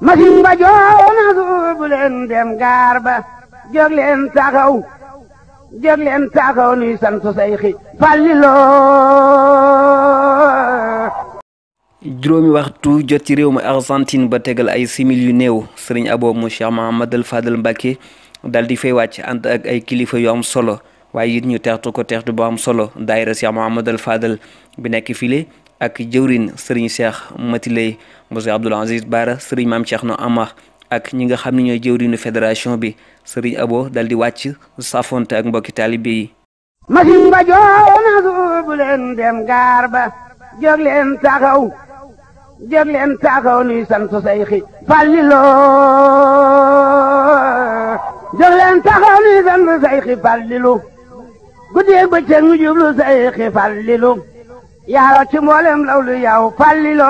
masin ba joona suubu dem gaar ba jóg taxaw jóg leen taxaw nuy sant Seyxi Fàllilu juróomi waxtu jot ci réew mi Argentine ba tegal ay simil yu néew sëriñ Abo mu Cheikh Mahamadal Fadal Mbàkke dal di fay wàcc ànd ay kilifa yu am solo waaye it ñu teextu ko teextu bu am solo daayira Cheikh Mahamadal Fadal bi nekk file ak jëwrin sëriñ Cheikh Matiley monsieur Abdoul Aziz Bara sëriñ maam Cheikhna Amar ak ñi nga xam ne ñooy jëwriñu fédération bi sëriñ Abo dal di wàcc safonte ak mbokki taalibe yi ba joona suubu dem gaar ba jóg leen taxaw jóg leen taxaw nuy sant sayxi fallilo jóg leen nuy sant sayxi fallilu guddeeg bëccëg yaa rocci mboolem lawlu yow fallilo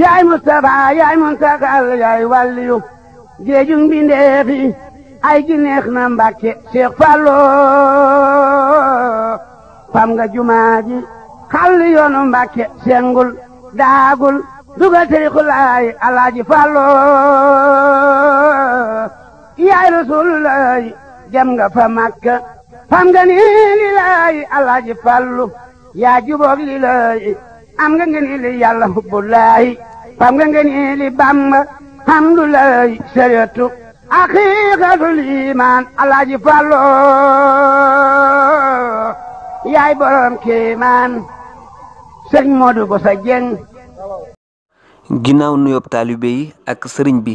yaay Mustafa yaay Muntakal yaay wàlliyu géeju mbindeef yi ay gi neex na Mbàkke Seex Fallu fam nga jumaa ji xàll sengul daagul dugal tariixu laay Alaaji Fallu yaay Rasulullaay jam nga fa Makka xam nga ni li laay fallu yaa juboog li laay am ngeen li yàlla hubbu laay xam nga ngeen li bàmba hamdu laay sariyatu aqiiqatul iimaan fallu yaay borom kéemaan sëñ Modou Bousso Dieng ginnaaw nuyoob taalibe ak sëriñ bi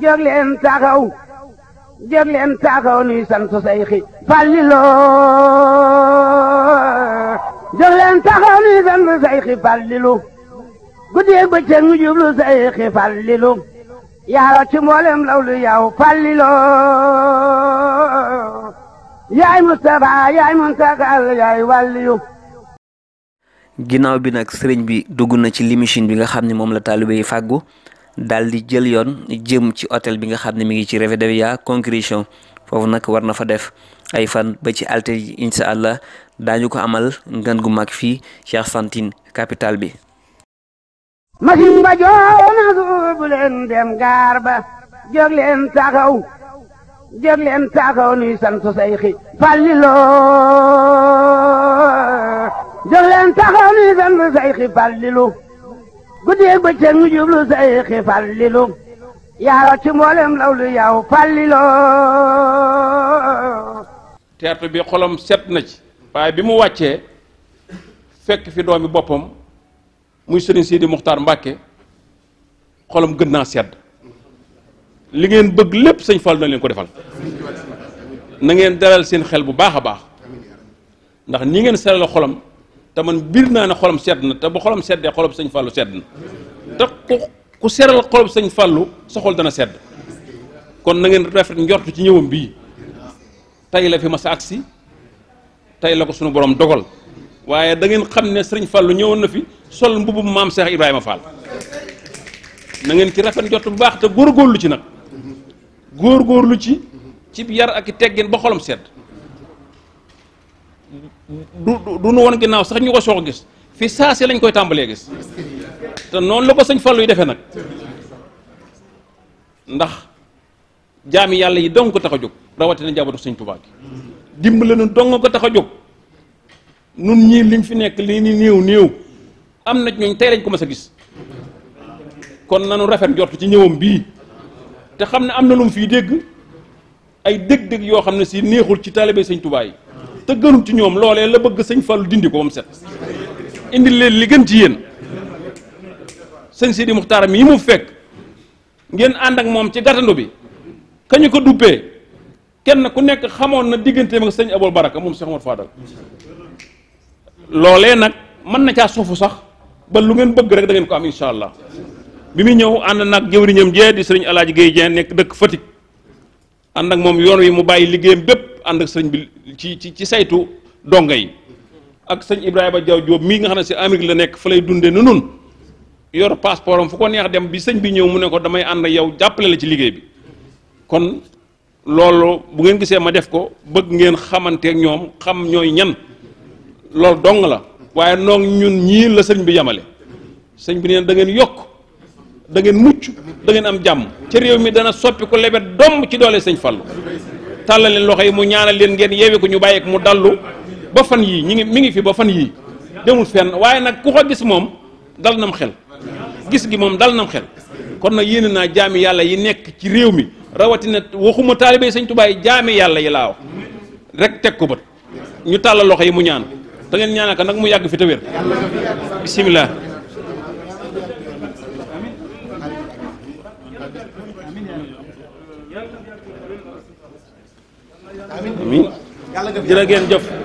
jóg leen taxaw jóg nuy sant Seyxi Fàllilu jóg leen taxaw nuy sant Seyxi Fàllilu guddeeg bëccëg ñu jublu Seyxi Fàllilu yaaro ci mboolem lawlu yaw Fàllilu yaay Mustapha yaay Muntakal yaay wàlliyu ginnaaw bi nag sëriñ bi dugg na ci limousine bi nga xam ne moom la taalibe fàggu daal di jël yoon jëm ci hôtel bi nga xam ne mi ngi ci Rivadavia Congrégation foofu nag war na fa def ay fan ba ci altine ji incha allah daañu ko amal ngan gu mag fii ci Argentine capital bi. masin ba joona suubu leen dem gaar ba jóg leen taxaw nuy sant sayxi Fallilo jóg leen guddeeg bëccëg ñu jublu Seyxi Fallilu yaaro ci mboolem lawlu yaw Fallilu teertu bi xolam set na ci waaye bi mu wàccee fekk fi doomi boppam muy sëriñ Sidi Muxtaar Mbàkke xolam gën naa sedd li ngeen bëgg lépp sëñ Fall na leen ko defal na ngeen dalal seen xel bu baax a baax ndax ni ngeen selal xolam te man biir naa ne xolam sedd na te ba xolam seddee xolam sañ fàllu sedd na te ku ku seral xolam sëñ fàllu sa dana sedd kon na ngeen rafet njort ci ñëwam bii tey la fi mas a agsi tey la ko sunu borom dogal waaye dangeen xam ne sëriñ fallu ñëwoon na fi sol mbubum maam Cheikh Ibrahima Fall na ngeen ci rafet njort bu baax te góor góorgóorlu ci nag góor góorlu ci ci yar ak i teggin ba xolam sedd du du nu woon ginnaaw sax ñu ko soog gis fi saa si lañ koy tàmbalee gis te noonu la ko sëñ Fallou yi defee nag ndax jaami yàlla yi dong ko tax a jóg rawatina jaabatu sëñ Tuubaa gi dimbale nu dong ko tax a jóg nun ñii liñ fi nekk lii ni néew néew am na ñooñ tey lañ ko mas a gis kon nanu rafet njort ci ñëwam bii te xam ne am na lum mu dégg ay dëgg dég yoo xam ne si neexul ci taalibe sëñ Tuubaa yi te gënu ci ñoom loolee la bëgg sëñ Fallou dindi ko ba set indi leen li gën ci yéen sëñ Sidi Muxtaar mi mu fekk ngeen ànd ak moom ci gàttandu bi kañu ko duppee kenn ku nekk xamoon na digganteem ak sëñ Abou Baraka moom Cheikh Omar Fadal loolee nag mën na caa suufu sax ba lu ngeen bëgg rek da ko am incha allah bi muy ñëw ànd nag jëwriñam jee di sëriñ Alaaji Géey Jeen nekk dëkk Fatick ànd ak moom yoon wi mu bàyyi liggéeyam bépp ànd ak sëñ bi ci ci ci saytu donga yi ak sëñ Ibrahima Diaw Diop mii nga xam ne si Amérique la nekk fa lay dundee nu nun yor passeport am fu ko neex dem bi sëñ bi ñëw mu ne ko damay ànd yow jàppale la ci liggéey bi kon loolu bu ngeen gisee ma def ko bëgg ngeen xamanteeg ñoom xam ñooy ñan loolu dong la waaye noog ñun ñii la sëñ bi yamale sëñ bi neen dangeen ngeen yokk da ngeen mucc dangeen am jàmm ca réew mi dana soppi ko lebet domm ci doole sëñ Fallu tàllaleen loxo yi mu ñaanal leen ngeen yeewi ko ñu bàyyi mu dallu ba fan yii ñi ngi mi ngi fi ba fan yii demul fenn waaye nag ku ko gis moom dal na mu xel gis gi moom dal nam xel kon nag yéene naa jaami yàlla yi nekk ci réew mi rawatina waxuma taalibé Sëñ Tuubaa yi jaami yàlla yi laa wax rek teg ko bët ñu tàllal loxo yi mu ñaan te ngeen ñaanal ko nag mu yàgg fi te wér jërë ngeen jëf